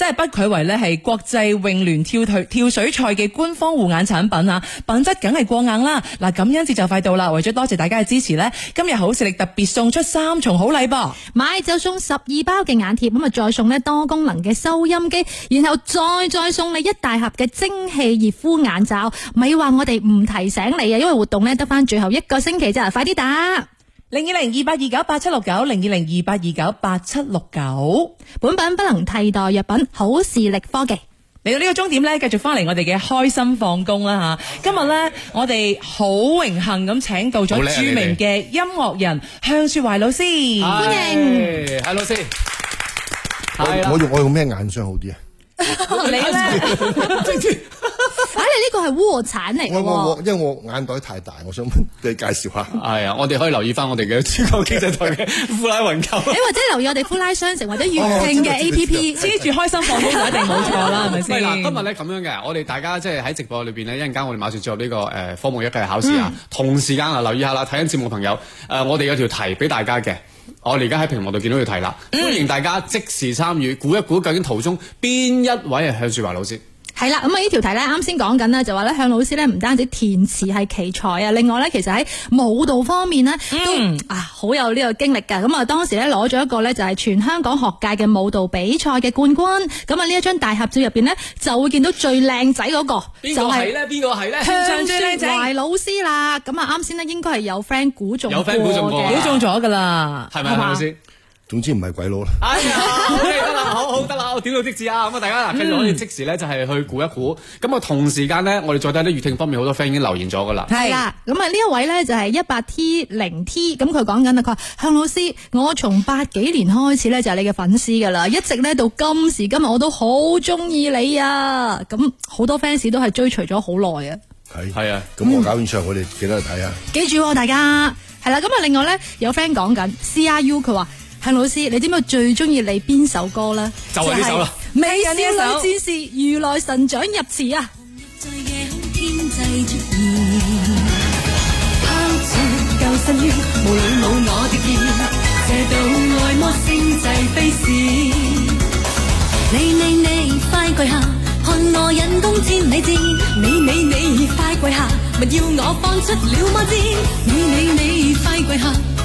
真係不愧為咧係國際泳聯跳跳水賽嘅官方護眼產品啊，品質梗係過硬啦。嗱，感恩節就快到啦，為咗多謝大家嘅支持咧，今日好視力特別送出三重好禮噃，買就送十二包嘅眼貼，咁啊再送咧多功能嘅收音機，然後再再送你一大盒嘅蒸汽熱敷眼罩。咪話我哋唔提醒你啊，因為活動咧得翻最後一個星期啫，快啲打！零二零二八二九八七六九零二零二八二九八七六九，9, 9, 本品不能替代藥品。好視力科技嚟到呢個終點咧，繼續翻嚟我哋嘅開心放工啦吓！今日咧，我哋好榮幸咁請到咗著名嘅音樂人向雪懷老師，啊、歡迎，係、哎哎、老師。我，我用我用咩眼霜好啲啊？可能你咧？反正呢個係臥產嚟，我，我因為我眼袋太大，我想問你介紹下。係啊，我哋可以留意翻我哋嘅珠江經濟台嘅呼拉雲購，你 或者留意我哋呼拉商城或者悅聽嘅 A P P，黐住開心放空，一定唔錯啦，係咪先？今日咧咁樣嘅，我哋大家即係喺直播裏邊呢，一陣間我哋馬上進入呢個誒科目一嘅考試啊。嗯、同時間啊，留意下啦，睇緊節目朋友誒，我哋有條題俾大家嘅。我哋而家喺屏幕度見到佢提啦，歡迎大家即時參與，估一估究竟圖中邊一位係向雪懷老師？係啦，咁啊呢條題咧，啱先講緊咧就話咧向老師咧唔單止填詞係奇才啊，另外咧其實喺舞蹈方面呢都、嗯、啊好有呢個經歷噶。咁啊當時咧攞咗一個咧就係全香港學界嘅舞蹈比賽嘅冠軍。咁啊呢一張大合照入邊呢就會見到最靚仔嗰個，就係咧邊個係咧向雪懷老師啦。咁啊啱先呢應該係有 friend 估中，有 friend 估中過，估中咗噶啦，係咪啊老師？總之唔係鬼佬啦。 哎呀 OK 得啦，好好得啦， 我點到即止啊。咁啊，大家跟住可以即時咧，就係去估一估。咁啊、嗯，同時間咧，我哋再睇啲預聽方面好多 friend 已經留言咗噶啦。係啦，咁啊呢一位咧就係一百 T 零 T，咁佢講緊啊，佢話向老師，我從八幾年開始咧就係你嘅粉絲噶啦，一直咧到今時今日我都好中意你啊。咁好多 fans 都係追隨咗好耐啊。係係啊，咁我搞完場，我哋記得去睇啊。嗯、記住，大家係啦。咁啊，另外咧有 friend 講緊 C R U，佢話。向老師，你知唔知我最中意你邊首歌呢？就係呢首啦，《美少女戰士》如來神掌入池啊！拋出舊身冤，無理舞我的劍，這道愛魔星際飛閃。你你你，你快跪下，看我引弓千里箭。你你你快跪下，勿要我放出了魔箭。你你你快跪下。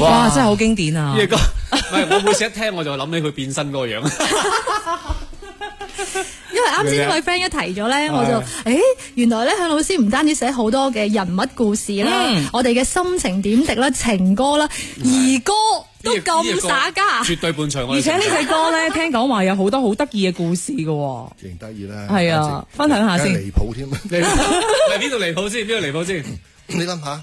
哇，真係好經典啊！呢個歌唔係，我每次一聽我就諗起佢變身嗰個樣。因為啱先呢位 friend 一提咗咧，我就誒，原來咧向老師唔單止寫好多嘅人物故事啦，我哋嘅心情點滴啦，情歌啦，兒歌都咁耍家，絕對半場。而且呢首歌咧，聽講話有好多好得意嘅故事噶，勁得意啦，係啊，分享下先。離譜添，嚟邊度離譜先？邊度離譜先？你諗下。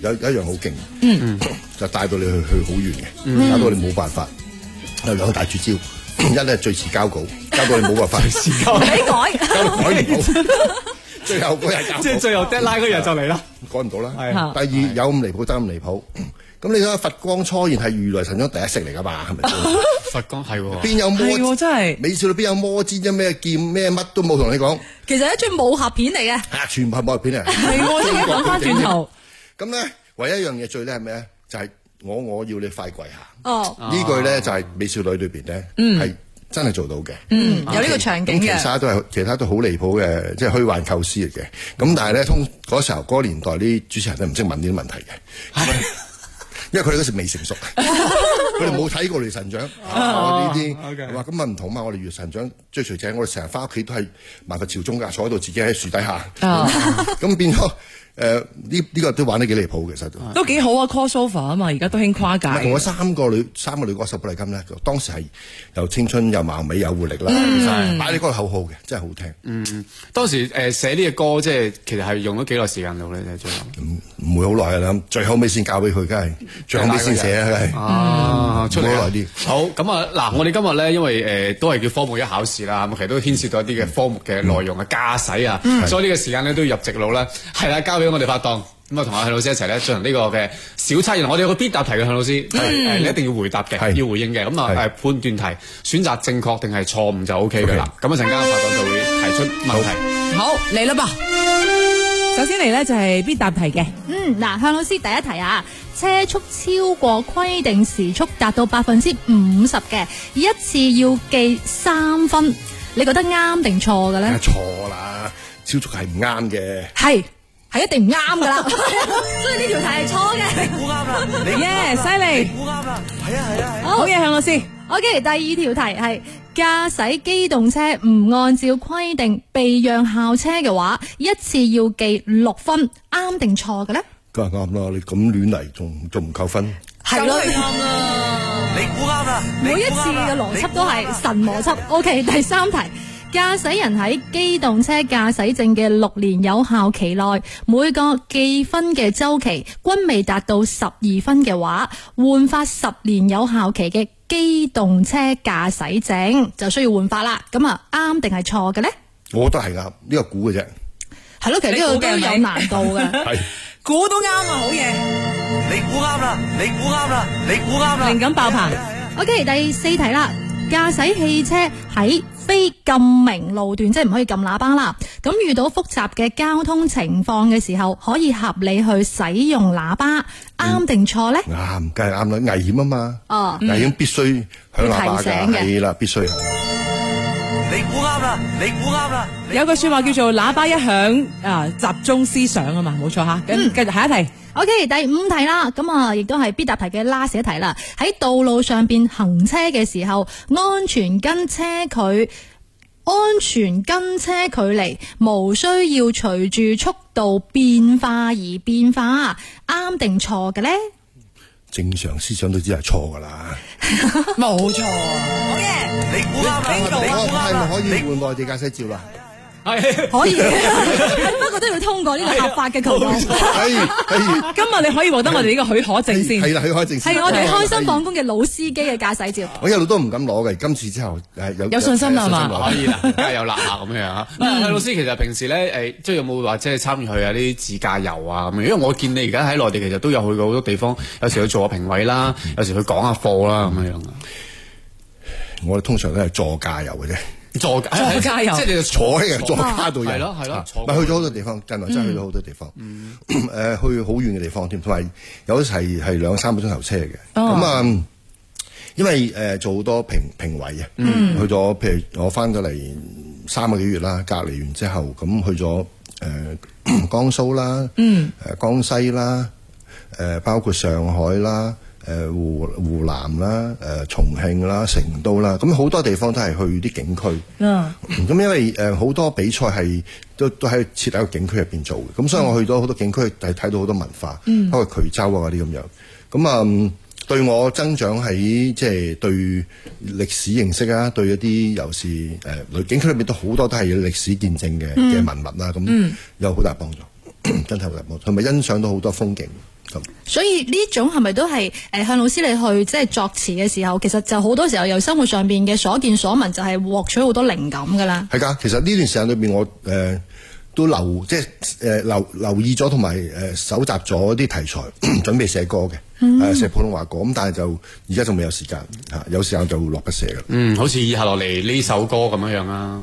有有一樣好勁，就帶到你去去好遠嘅，搞到你冇辦法。有兩個大絕招，一咧最遲交稿，交到你冇辦法。時間唔俾改，改唔到。最後嗰日，即係最後 deadline 嗰日就嚟啦，改唔到啦。第二有咁離譜，得咁離譜。咁你睇下佛光初現係如來神掌第一式嚟噶嘛？係咪？佛光係邊有魔真係？美少女邊有魔尖啫？咩劍咩乜都冇同你講。其實一出武俠片嚟嘅，全部係武俠片嚟。我而家講翻轉頭。咁咧，唯一一樣嘢最叻係咩咧？就係、是、我我要你快跪下。哦，句呢句咧就係、是、美少女裏邊咧，係、嗯、真係做到嘅。嗯，其有呢個場景其，其他都係其他都好離譜嘅，即係虛幻構思嚟嘅。咁、嗯、但係咧，通嗰時候嗰年代啲主持人都唔識問呢啲問題嘅。嗎 因為佢哋嗰時未成熟，佢哋冇睇過嚟神掌呢啲，咁 啊唔同嘛！我哋越神掌，追隨者我哋成日翻屋企都係埋個朝中噶，坐喺度自己喺樹底下，咁、啊啊、 變咗誒呢呢個都玩得幾離譜其實都、啊 over, 啊、都幾好啊 call sofa 啊嘛，而家都興跨界。同、嗯嗯、我三個女三個女，三個女歌手寶麗金呢，當時係又青春又貌美有活力啦，係擺啲嗰個口號嘅，真係好聽。嗯，當時誒寫呢個歌即係其實係用咗幾耐時間到咧，就最唔唔、嗯嗯、會好耐啦，最後尾先交俾佢，梗係。着啲先寫啊，出嚟耐啲。好咁啊，嗱，我哋今日咧，因為誒都係叫科目一考試啦，咁其實都牽涉到一啲嘅科目嘅內容嘅駕駛啊，所以呢個時間咧都要入直路啦。係啦，交俾我哋發檔，咁啊同阿向老師一齊咧進行呢個嘅小測驗。我哋有個必答題嘅向老師，你一定要回答嘅，要回應嘅。咁啊誒判斷題，選擇正確定係錯誤就 O K 㗎啦。咁啊陣間發檔就會提出問題。好嚟啦噃。首先嚟咧就係必答題嘅，嗯，嗱，向老師第一題啊，車速超過規定時速達到百分之五十嘅，一次要記三分，你覺得啱定錯嘅咧？錯啦，超速係唔啱嘅，係係一定唔啱噶啦，所以呢條題係錯嘅，估啱啦，嚟嘅，犀利，估啱啦，係啊係啊，好嘅，向老師，OK，第二條題係。駕駛機動車唔按照規定避讓校車嘅話，一次要記六分，啱定錯嘅呢？嗰個啱啦，你咁亂嚟，仲仲唔扣分？係咯，啱啊，你估啱啦！每一次嘅邏輯都係神邏輯。OK，第三題，駕駛人喺機動車駕駛證嘅六年有效期內，每個記分嘅周期均未達到十二分嘅話，換發十年有效期嘅。機動車駕駛證就需要換發啦，咁啊啱定係錯嘅咧？我覺得係啱，呢個估嘅啫。係咯，其實呢個都有難度嘅。估 的都啱啊，好嘢！Okay. 你估啱啦，你估啱啦，你估啱啦，靈感爆棚。Yeah, yeah, yeah. OK，第四題啦，駕駛汽車喺。非禁鳴路段即係唔可以撳喇叭啦。咁遇到複雜嘅交通情況嘅時候，可以合理去使用喇叭，啱定錯咧？啱，梗係啱啦，危險啊嘛。哦、嗯，危險必須響喇叭嘅，啦，必須。你估啱啦！你估啱啦！有句說話叫做喇叭一響啊，集中思想啊嘛，冇錯吓。咁、啊，繼續、嗯、下一題。O、okay, K，第五題啦，咁啊，亦都係必答題嘅最後一題啦。喺道路上邊行車嘅時候，安全跟車距，安全跟車距離，無需要隨住速度變化而變化，啱定錯嘅咧？正常思想都知係錯噶啦，冇錯啊。你估下邊度啊？係咪可以換內地駕駛照啦？你是可以，不過都要通過呢個合法嘅渠道。可以，今日你可以獲得我哋呢個許可證先。係啦，許可證係我哋開心放工嘅老司機嘅駕駛照。我一路都唔敢攞嘅，今次之後有，有信心啦嘛？可以啦，加油啦咁樣吓。唔、 嗯、老師，其實平時咧誒，即、欸、係有冇話即係參與去下啲自駕遊啊咁樣？因為我見你而家喺內地其實都有去過好多地方，有時去做下評委啦，有時去講下課啦咁樣樣。我哋通常都係坐駕遊嘅啫。坐街，坐家即係你坐喺人坐街度，係咯係咯，咪、啊、去咗好多地方， 近來真係去咗好多地方。誒、嗯呃，去好遠嘅地方添，同埋有時係係兩三個鐘頭車嘅。咁啊、哦嗯，因為誒、呃、做好多評評委啊，去咗譬如我返咗嚟三個幾月啦，隔離完之後，咁去咗誒、呃、江蘇啦，誒、呃、江西啦，誒、呃、包括上海啦。誒湖、呃、湖南啦、誒、呃、重慶啦、成都啦，咁、嗯、好多地方都係去啲景區。咁 Yeah. 因為誒好、呃、多比賽係都都喺設喺個景區入邊做嘅，咁、嗯、所以我去咗好多景區，係睇到好多文化，mm. 包括衢州啊嗰啲咁樣。咁、嗯、啊，對我增長喺即係對歷史認識啊，對一啲尤其是誒、呃、景區裏面都好多都係歷史見證嘅嘅文物啦，咁、mm. 嗯、有好大幫助，mm. 真係好大幫助。同埋欣賞到好多風景。所以呢種係咪都係誒向老師你去即係作詞嘅時候，其實就好多時候由生活上邊嘅所見所聞就係獲取好多靈感噶啦。係噶，其實呢段時間裏邊我誒、呃、都留即係誒、呃、留留意咗同埋誒蒐集咗啲題材 準備寫歌嘅，誒、呃、寫普通話歌咁，但係就而家仲未有時間吓，有時候就會落筆寫噶。嗯，好似以下落嚟呢首歌咁樣樣、啊、啦。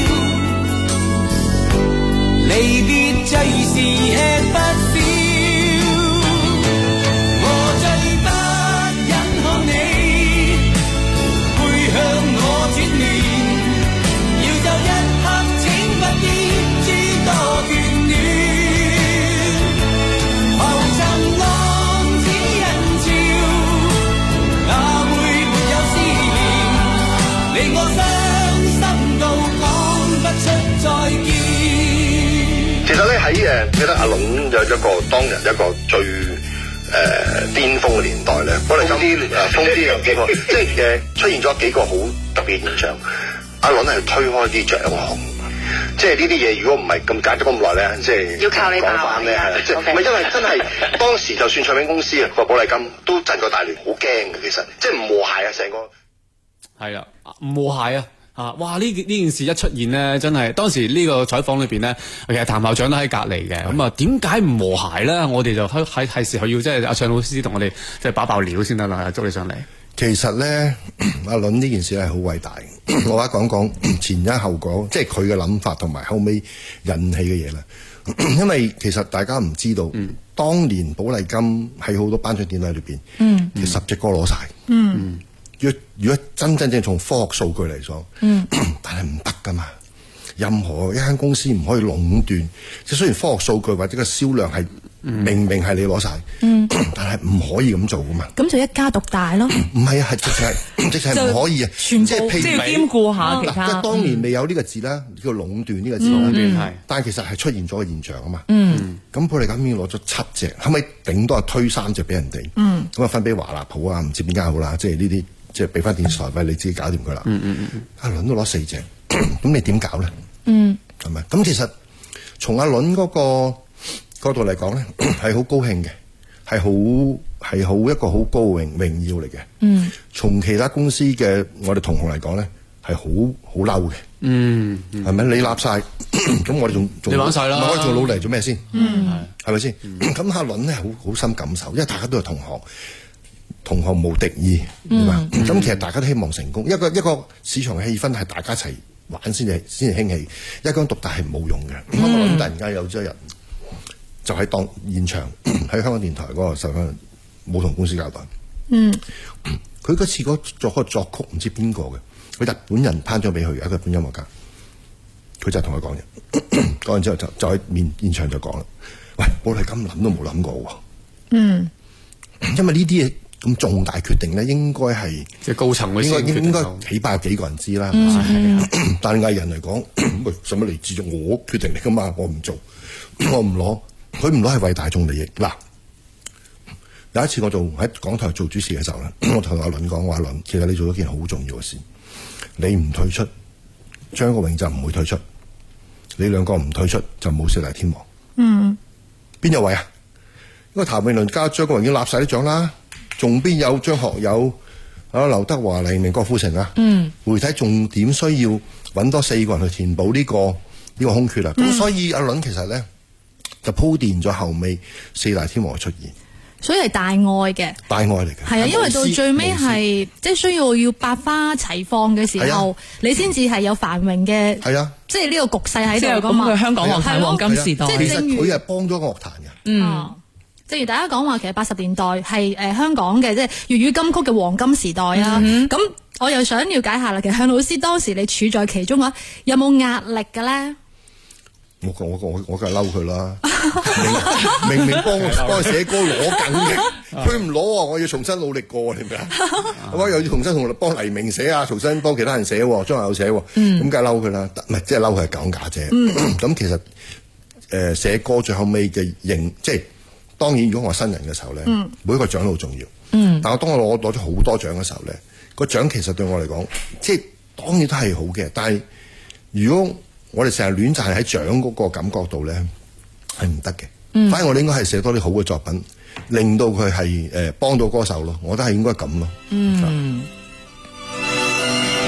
離別最是吃不消。Baby, 個年代咧，寶麗金，封啲有幾個， 即係誒，出現咗幾個好特別現象。阿倫係推開啲獎項，即係呢啲嘢，如果唔係咁隔咗咁耐咧，即係要靠你講返咧？即係唔係因為真係當時就算唱片公司啊，個寶麗金都震個大亂，好驚嘅。其實即係唔和諧啊，成個係啦，唔和諧啊。啊！哇！呢件呢件事一出現呢，真係當時呢個採訪裏邊呢，其實譚校長都喺隔籬嘅。咁啊，點解唔和諧呢？我哋就喺係時候要即係阿向老師同我哋即係把爆，爆料先得啦，捉、啊、你上嚟。其實呢，阿、啊、倫呢件事係好偉大。我一講一講前因後果，即係佢嘅諗法同埋後尾引起嘅嘢啦。因為其實大家唔知道，當年寶麗金喺好多頒獎典禮裏邊，嗯嗯、其實十隻歌攞晒。嗯如果真真正正從科學數據嚟講，但係唔得噶嘛。任何一間公司唔可以壟斷，即係雖然科學數據或者個銷量係明明係你攞晒，但係唔可以咁做噶嘛。咁就一家獨大咯。唔係啊，係即係即係唔可以啊，即係要兼顧下其他。嗱，當年未有呢個字啦，叫壟斷呢個字啦，係，但係其實係出現咗個現象啊嘛。嗯，咁佢哋咁已經攞咗七隻，可唔可以頂多係推三隻俾人哋？嗯，咁啊分俾華納普啊，唔知邊間好啦，即係呢啲。即係俾翻電視台位，你自己搞掂佢啦。嗯嗯嗯，阿倫都攞四隻，咁你點搞咧？嗯，係咪？咁其實從阿倫嗰個角度嚟講咧，係好高興嘅，係好係好一個好高榮榮耀嚟嘅。嗯，從其他公司嘅我哋同學嚟講咧，係好好嬲嘅。嗯，係咪？你立晒，咁我哋仲你攬曬啦，做努力做咩先？嗯，係，係咪先？咁阿倫咧，好好深感受，因為大家都係同學。同學冇敵意，咁、嗯嗯、其實大家都希望成功。一個一個市場嘅氣氛係大家一齊玩先至先至興起，一個人獨大係冇用嘅。咁、嗯、突然間有咗人，就喺當現場喺香港電台嗰個時份冇同公司交代。嗯，佢嗰次嗰、嗰個、作嗰個作曲唔知邊個嘅，佢日本人攤咗俾佢嘅一個本音樂家，佢就係同佢講嘅。講、嗯、 完之後就就喺面現場就講啦。喂，我哋咁諗都冇諗過喎。嗯，因為呢啲嘢。咁重大決定咧，應該係即係高層會應該應該起碼有幾個人知啦。嗯、但係藝人嚟講，做乜嚟自我我決定嚟噶嘛？我唔做，我唔攞，佢唔攞係為大眾利益。嗱，有一次我做喺港台做主持嘅時候啦，我同阿倫講話：阿倫，其實你做咗件好重要嘅事，你唔退出，張國榮就唔會退出，你兩個唔退出就冇四大天王。嗯，邊有位啊？因為譚詠麟加張國榮已經立晒啲獎啦。仲邊有張學友啊、劉德華、黎明、郭富城啊？媒、嗯、體重點需要揾多四個人去填補呢、這個呢、這個空缺啊？咁、嗯、所以阿倫其實咧就鋪墊咗後尾四大天王出現，所以係大愛嘅大愛嚟嘅，係啊！因為到最尾係即係需要要百花齊放嘅時候，係啊、你先至係有繁榮嘅，係啊！即係呢個局勢喺度噶香港樂壇黃金時代，啊，即係其實佢係幫咗個樂壇嘅，嗯。正如大家講話，其實八十年代係誒、呃、香港嘅，即係粵語金曲嘅黃金時代啦。咁的、嗯、我又想了解下啦，其實向老師當時你處在其中嘅話，有冇壓力嘅咧？我我我梗係嬲佢啦！明明幫幫佢寫歌攞緊，佢唔攞，我要重新努力過，你明唔明啊？ 又要重新同幫黎明寫啊，重新幫其他人寫，張學友寫，咁梗係嬲佢啦！係即係嬲佢係講假啫。咁 其實誒寫、呃、歌最後尾嘅認即係。即當然，如果我新人嘅時候咧，嗯、每一個獎都好重要。嗯、但我當我攞攞咗好多獎嘅時候咧，嗯、個獎其實對我嚟講，即係當然都係好嘅。但係如果我哋成日亂就係喺獎嗰個感覺度咧，係唔得嘅。嗯、反而我哋應該係寫多啲好嘅作品，令到佢係誒幫到歌手咯。我覺得係應該咁咯。嗯。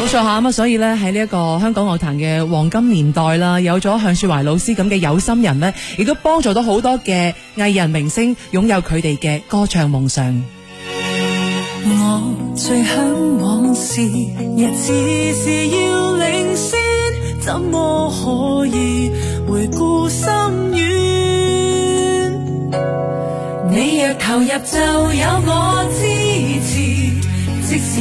冇錯吓，咁所以呢，喺呢一個香港樂壇嘅黃金年代啦，有咗向雪懷老師咁嘅有心人呢，亦都幫助到好多嘅藝人明星擁有佢哋嘅歌唱夢想。我最向往事，亦子是要領先，怎麼可以回顧心願？你若投入，就有我支持。 其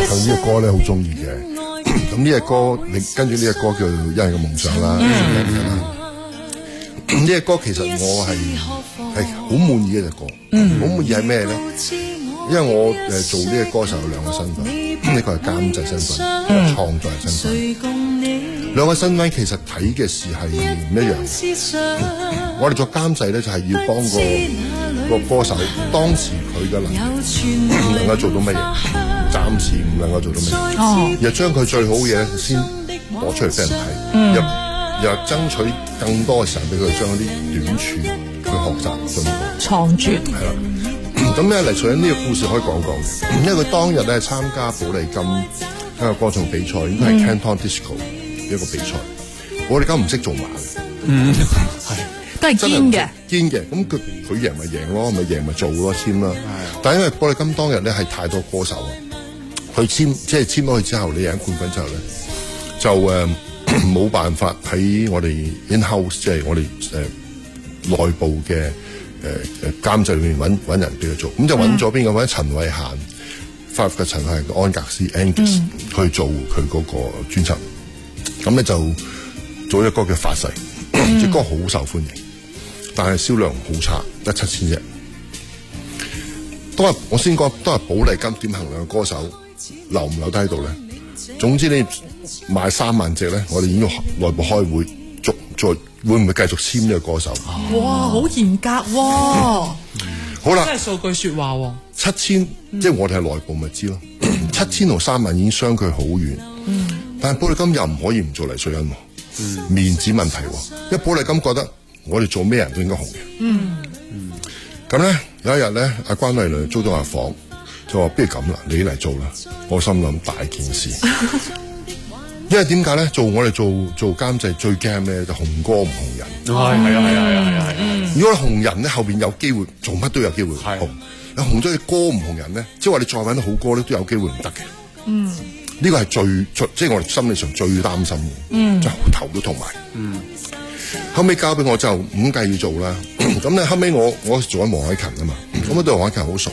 實佢呢個歌呢好中意嘅，咁呢個歌，你跟住呢個歌叫一人嘅夢想啦。呢個歌其實我係係好滿意嘅一隻歌，好滿、嗯、意係咩咧？因為我誒做呢個歌手有兩個身份，嗯、一個係監製身份，一個創作嘅身份。兩個身份其實睇嘅事係唔一樣嘅、嗯。我哋做監製咧就係、是、要幫個個歌手，當時佢嘅能唔能夠做到乜嘢，暫時唔能夠做到乜嘢，要將佢最好嘅嘢先攞出嚟俾人睇。嗯嗯又爭取更多嘅時候，俾佢，將啲短處去學習進步。藏住係啦。咁咩嚟？除咗呢個故事可以講講嘅，因為佢當日咧參加寶麗金啊歌唱比賽，應該係 Canton Disco 一個比賽。我哋而家唔識做馬嘅，係都係堅嘅，堅嘅的。咁佢佢贏咪贏咯，咪贏咪做咯簽啦。贏贏贏贏 但係因為寶麗金當日咧係太多歌手，佢簽即係、就是、簽去、就是、之後，你贏冠軍之後咧就誒。就冇辦法喺我哋 in house，即係我哋誒內部嘅誒誒監製裡面揾揾人俾佢做，咁就揾咗邊嗰位陳慧嫻 f i 嘅陳慧嫻安格斯 Angus、嗯、去做佢嗰個專輯，咁咧就做咗一個叫發誓，即、嗯、 歌好受歡迎，但係銷量好差，得七千隻。都係我先講，都係寶麗金點衡量歌手留唔留低喺度咧？總之你。賣三萬只咧，我哋已經內部開會，會會續再會唔會繼續簽呢個歌手？哇，好嚴格喎！好啦，真係數據說話、哦。七千，即係我哋係內部咪知咯？七千同三萬已經相距好遠。嗯、但係保利金又唔可以唔做黎瑞恩，嗯，面子問題、啊。因為保利金覺得我哋做咩人都應該紅嘅，嗯咁咧、嗯、有一日咧，阿關麗麗租咗間房間，就話：，不如咁啦，你嚟做啦。我心諗大件事。 因為點解咧？做我哋做做監製最驚係咩？就紅歌唔紅人。係係、哎、啊係啊係啊係。嗯、如果紅人咧，後邊有機會做乜都有機會、啊、紅。有紅咗嘅歌唔紅人咧，就是嗯，即係話你再搵到好歌咧都有機會唔得嘅。嗯，呢個係最即係我哋心理上最擔心嘅。嗯，就頭都痛埋。嗯，後尾交俾我就唔計要做啦。咁咧 後尾我我做緊黃凱芹啊嘛。咁啊、嗯、哼對黃凱芹好熟。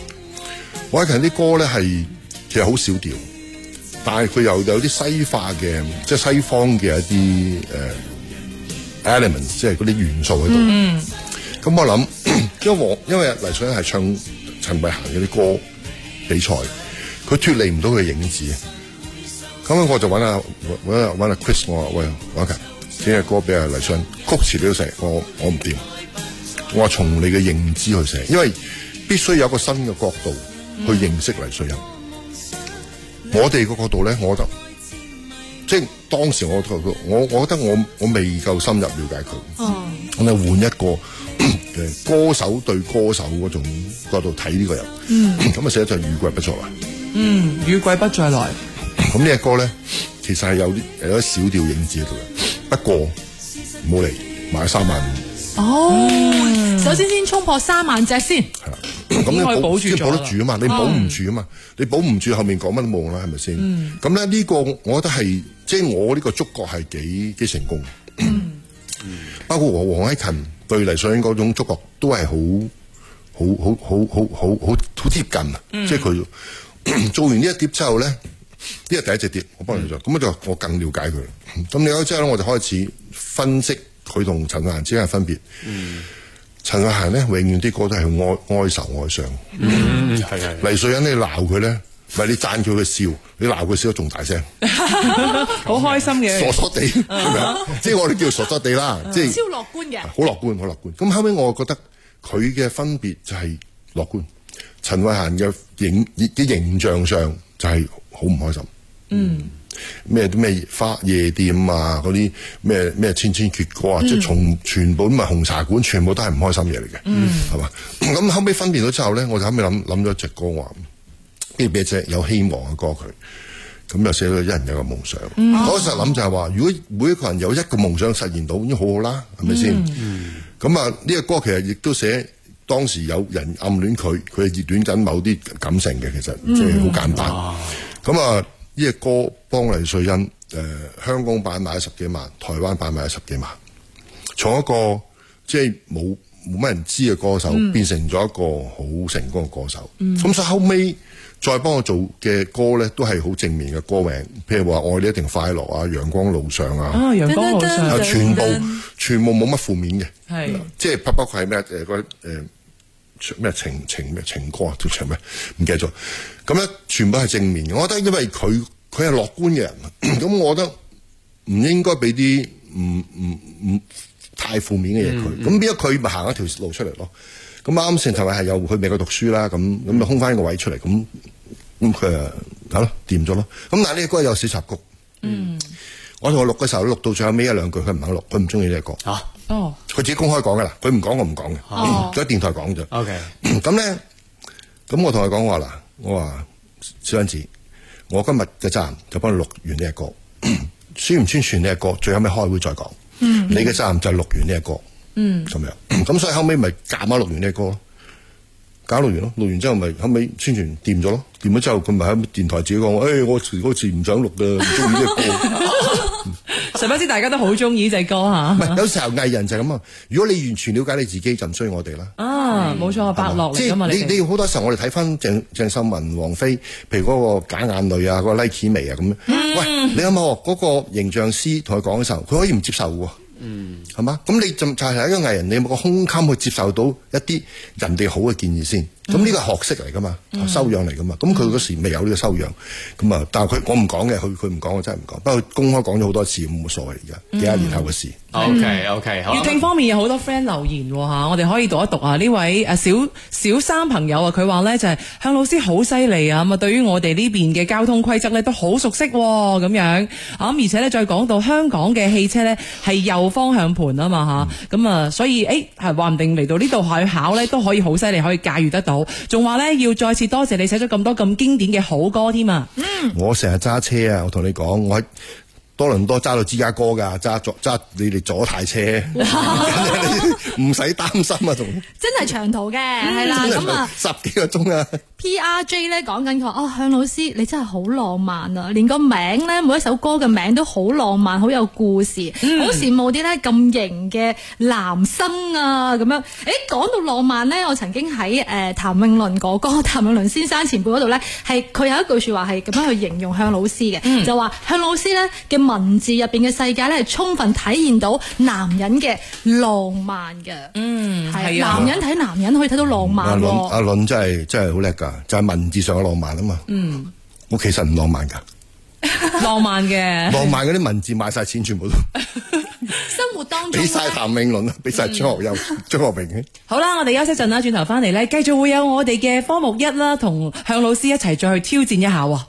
黃凱芹啲歌咧係其實好少調。但係佢又有啲西化嘅，即係西方嘅一啲誒、呃、elements，即係嗰啲元素喺度。咁、嗯嗯、我諗，因為我，因為黎瑞恩係唱陳慧嫻嗰啲歌比賽，佢脫離唔到佢嘅影子。咁樣我就揾阿 Chris 我話喂，我話佢整嘅歌俾阿黎瑞恩，曲詞你都寫，我我唔掂。我話從你嘅認知去寫，因為必須有個新嘅角度去認識黎瑞恩。嗯我哋個角度咧，我就即係當時我我我覺得我我未夠深入了解佢。哦、嗯，我哋換一個嘅 歌手對歌手嗰種角度睇呢個人。嗯，咁啊寫咗句雨季不錯啦。嗯，雨季不再來。咁、嗯嗯、 呢隻歌咧，其實係有啲有啲小調影子喺度嘅。不過冇嚟買三萬五。哦，嗯、首先先衝破三萬隻先。係啦。咁你保，住保得住啊嘛？嗯、你保唔住啊嘛？你保唔住，後面講乜都冇啦，係咪先？咁咧呢個，我覺得係，即、就、係、是、我呢個觸覺係幾幾成功。 包括黃黃凱辰對嚟上嗰種觸覺都係好，好好好好好好好接近啊。即係佢做完呢一碟之後咧，呢個第一隻碟，我幫你做，咁我就我更了解佢。咁了解之後咧，我就開始分析佢同陳慧嫻之間嘅分別。嗯陳慧嫻咧，永遠啲歌都係哀哀愁哀傷。係啊、嗯。嗯、黎瑞恩你鬧佢咧，唔係 你讚佢嘅笑，你鬧佢笑得仲大聲。好 開心嘅。 傻傻地，即係 我哋叫傻傻地啦，即係、 就是。超樂觀嘅。好樂 觀，好樂觀。咁後尾我覺得佢嘅分別就係樂觀。陳慧嫻嘅影，啲形象上就係好唔開心。嗯。咩咩花夜店啊，嗰啲咩咩千千闕歌啊，嗯、即係全全部都咪紅茶館，全部都係唔開心嘢嚟嘅，係嘛、嗯？咁 後尾分辨咗之後咧，我就後尾諗諗咗隻歌話，叫咩啫？有希望嘅歌佢，咁又寫咗一人有一個夢想。嗯、我實諗就係話，如果每一個人有一個夢想實現到，已經好好啦，係咪先？咁、嗯嗯、啊，呢、這個歌其實亦都寫當時有人暗戀佢，佢熱戀緊某啲感情嘅，其實即係好簡單。咁啊。呢隻歌幫黎瑞恩，誒、呃、香港版賣咗十幾萬，台灣版賣咗十幾萬，從一個即係冇冇乜人知嘅歌手，嗯、變成咗一個好成功嘅歌手。咁所以後尾再幫我做嘅歌咧，都係好正面嘅歌名，譬如話愛你一定快樂啊，陽光路上啊，陽光路上啊部、嗯，全部全部冇乜負面嘅，係是即係包括係咩？誒、呃、誒。呃呃咩情情咩情歌啊？叫唱咩？唔記得咗。咁咧全部係正面嘅，我覺得因為佢佢係樂觀嘅人，咁 我覺得唔應該俾啲唔唔唔太負面嘅嘢佢。咁變咗佢咪行一條路出嚟咯。咁啱先，同埋係又去美國讀書啦。咁咁咪空翻個位出嚟。咁咁佢啊，係咯，掂咗咯。咁但係呢個歌有小插曲。嗯，我同佢錄嘅時候，錄到最後尾一兩句，佢唔肯錄，佢唔中意呢個歌。嚇、啊！哦，佢、oh. 自己公開講噶啦，佢唔講我唔講嘅，佢喺、oh. 電台講咗。O K，咁咧，咁 我同佢講話啦，我話小欣子，我今日嘅責任就幫你錄完呢一首歌，宣唔宣傳呢一首歌，最後尾開會再講。Mm hmm. 你嘅責任就係錄完呢一首歌。咁、mm hmm. 樣，咁所以後尾咪夾埋錄完呢一首歌咯，夾埋錄完咯，錄完之後咪後尾宣傳掂咗咯，掂咗之後佢咪喺電台自己講，我嗰次唔想錄嘅，唔中意呢一首歌。 就不知大家都好中意呢隻歌吓，唔係有時候藝人就係咁啊！如果你完全了解你自己，就唔需要我哋啦。啊，冇錯是，伯樂嚟噶嘛！你你好多時候我哋睇翻鄭鄭秀文、王菲，譬如嗰個假眼淚啊，嗰、那個 Nike 眉啊咁樣。嗯、喂，你有冇？嗰個形象師同佢講嘅時候，佢可以唔接受喎。嗯，係嘛？咁你就就係、是、一個藝人，你有冇個胸襟去接受到一啲人哋好嘅建議先？咁呢、嗯、個學識嚟噶嘛，嗯、收養嚟噶嘛。咁佢嗰時未有呢個收養，咁啊、嗯，但係佢我唔講嘅，佢佢唔講，我真係唔講。不過公開講咗好多次，冇乜所謂嘅，而家幾十年後嘅事。嗯、OK OK，好。粵聽方面有好多 friend 留言嚇，我哋可以讀一讀啊。呢位誒小小，小三朋友啊，佢話呢就係向老師好犀利啊，咁啊對於我哋呢邊嘅交通規則呢，都好熟悉咁樣。咁而且呢，再講到香港嘅汽車呢，係右方向盤啊嘛嚇，咁啊、嗯嗯、所以誒係話唔定嚟到呢度去考呢，都可以好犀利，可以駕馭得到。仲話咧要再次多謝你寫咗咁多咁經典嘅好歌添啊！嗯，我成日揸車啊，我同你講，我喺多倫多揸到芝加哥㗎，揸咗揸你哋咗太車，唔使擔心啊，仲真係長途嘅，係、嗯、啦，咁啊、嗯、十幾個鐘啊。嗯、P R J 咧講緊佢哦，向老師你真係好浪漫啊，連個名咧，每一首歌嘅名都好浪漫，好有故事，好羨慕啲咧咁型嘅男生啊，咁樣誒講到浪漫咧，我曾經喺誒譚詠麟哥哥譚詠麟先生前輩嗰度咧，係佢有一句說話係咁樣去形容向老師嘅，嗯、就話向老師咧嘅。文字入邊嘅世界咧，係充分體現到男人嘅浪漫嘅。嗯，係、啊。男人睇男人可以睇到浪漫。阿、嗯啊倫，啊、倫真係真係好叻噶，就係、是、文字上嘅浪漫啊嘛。嗯，我其實唔浪漫噶。 浪漫嘅的。 是浪漫嗰啲文字賣晒錢，全部都。 生活當中、啊。俾晒譚詠麟，俾晒張學友、張、嗯、學榮 好啦，我哋休息一陣啦，轉頭翻嚟咧，繼續會有我哋嘅科目一啦，同向老師一齊再去挑戰一下。